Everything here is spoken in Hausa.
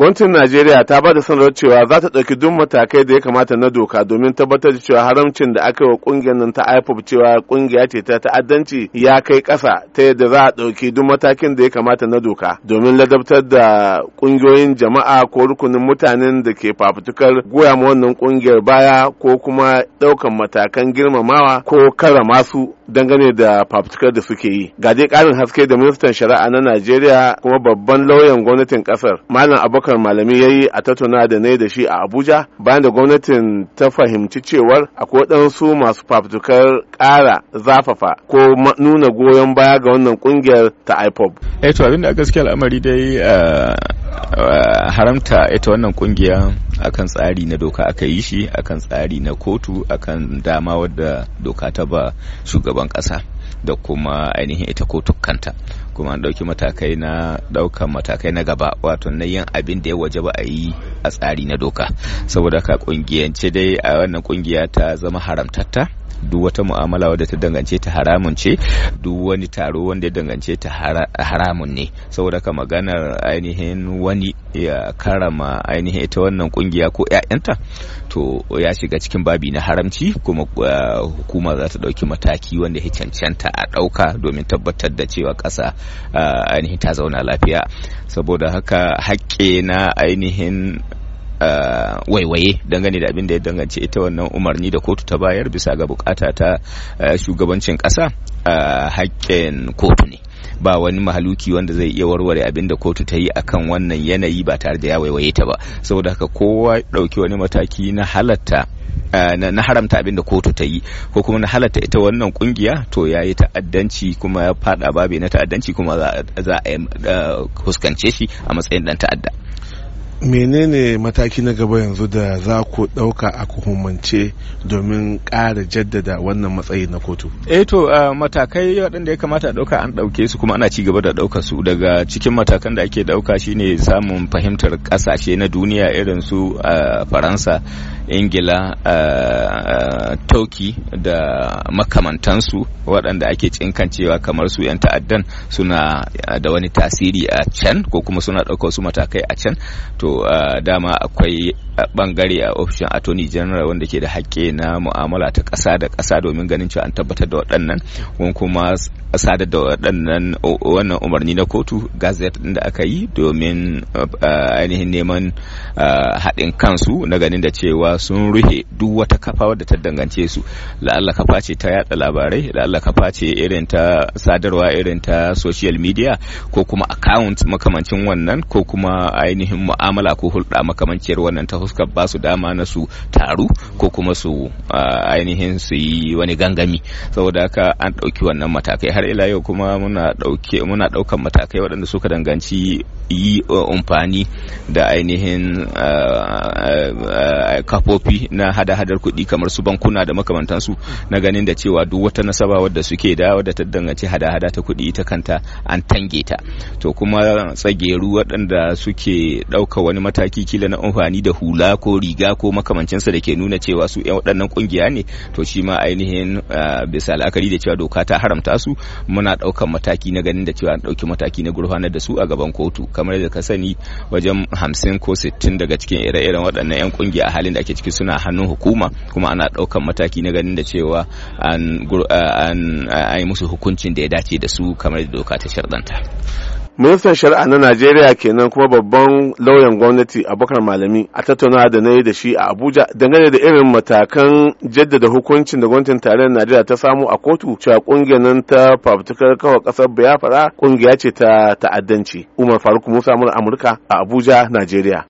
gwamnatin najeriya ta ba da sanarwar cewa za ta ɗauki duk matakai da ya kamata na doka domin tabbatar da cewa haramcin da aka yi wa ƙungiyar nan ta ipop cewa ƙungiya ce ta ta'addanci ya kai ƙasa ta yadda za a ɗauki duk matakin da ya kamata na doka domin ladabtar da ƙungiyoyin jama'a ko rukunin mutanen da ke fafutukar goya ma wannan ƙungiyar baya ko kuma ɗaukan matakan girmamawa ko karama su dangane da fafutukar da suke yi ga dai karin haske da ministan shari'a na najeriya kuma babban lauyan gwamnatin kasar malam abokan malami ya yi a tattauna da ne da shi a abuja bayan da gwamnatin ta fahimci cewar akwai waɗansu masu fafutukar ƙara zafafa ko nuna goyon baya ga wannan ƙungiyar ta ipob eh to abinda gaskiya al'amari dai eh, eh, haramta ita wannan ƙungiya akan tsari na doka aka yi shi akan tsari na kotu akan dama wadda doka ta ba shugaban kasa da kuma ainihin ita kotu kanta kuma an ɗauki matakai na ɗaukan matakai na gaba wato na yin abin da ya waje ba a yi a tsari na doka saboda ka ƙungiyance dai a wannan ƙungiya ta zama haramtatta duk wata mu'amala wadda ta dangance ta haramun ce duk wani taro wanda ya dangance ta haramun ne saboda ka maganar ainihin wani ya karama ainihin ita wannan kungiya ko 'ya'yanta to ya shiga cikin babi na haramci kuma uh, hukuma za ta ɗauki mataki wanda ya cancanta a ɗauka domin tabbatar da cewa ƙasa uh, ainihin ta zauna lafiya saboda haka haƙƙe na ainihin Eh, waiwaye dangane da abin da ya danganci ita wannan umarni da kotu ta bayar bisa ga bukata ta eh, shugabancin kasa. Eh, haƙƙin kotu ne ba wani mahaluki wanda zai iya warware abin da kotu ta yi akan wannan yanayi ba tare da ya waiwaye ta ba saboda haka kowa ɗauki wani mataki na halatta na haramta abin da kotu ta yi ko kuma na halatta ita wannan kungiya to ya yi ta'addanci kuma ya fada babu na ta'addanci kuma za a fuskance shi a matsayin dan ta'adda menene mataki na gaba yanzu da za ku ɗauka a kuhumance domin ƙara jaddada wannan matsayi na kotu eh to ah, matakai waɗanda ya kamata a ɗauka an ɗauke su kuma ana ci gaba da dauka su daga cikin matakan da ake ɗauka shine samun fahimtar ƙasashe na duniya irin su ah, faransa ingila ah, Toki, da makamantansu waɗanda ake cinkancewa kamar su 'yan ta'addan suna da wani tasiri a can ko kuma suna ɗaukar su matakai a can to Ah, dama akwai bangare a ofishin attorney general wanda ke da haƙƙi na mu'amala ta ƙasa da ƙasa domin ganin cewa an tabbatar da waɗannan wani kuma sadar da waɗannan wannan umarni na kotu gazet da aka yi domin eh, ainihin neman eh, haɗin kansu na ganin da cewa sun ruhe duk wata kafa wadda ta dangance su la'alla kafa ce ta yatsa labarai la'alla kafa ce irin ta sadarwa irin ta social media ko kuma account makamancin wannan ko kuma ainihin mu'amala ko hulɗa makamanciyar wannan ta suka ba su dama na su taru ko kuma su ainihin su yi wani gangami saboda haka an ɗauki wannan matakai har ila yau kuma muna ɗaukan matakai waɗanda suka danganci yi amfani da ainihin kafofi na hada-hadar kuɗi kamar su bankuna da makamantansu na ganin da cewa duk wata nasaba wadda suke da wadda ta danganci hada-hada ta kuɗi ita kanta an tange ta to kuma tsageru waɗanda suke ɗauka wani mataki kila na amfani da hula hula ko riga ko makamancinsa da ke nuna cewa su 'yan waɗannan kungiya ne to shi ma ainihin ah, bisa la'akari da cewa doka ta haramta su muna ɗaukan mataki na ganin da cewa an ɗauki mataki na gurfana da su a gaban kotu kamar da ka sani wajen hamsin ko sittin daga cikin ire-iren waɗannan 'yan kungiya a halin da ake ciki suna hannun hukuma kuma ana ɗaukan mataki na ganin da cewa an ah, yi musu hukuncin da ya dace da su kamar da doka ta shardanta. ministan shari'a na najeriya kenan kuma babban lauyan gwamnati a Bakar malami a tattauna da na yi da shi a abuja dangane da irin matakan jaddada hukuncin da gwamnatin tarayyar najeriya ta samu a kotu cewa kungiyar nan ta fafutukar kawa kasar biafra kungiya ce ta ta'addanci umar faruk musa mura amurka a abuja najeriya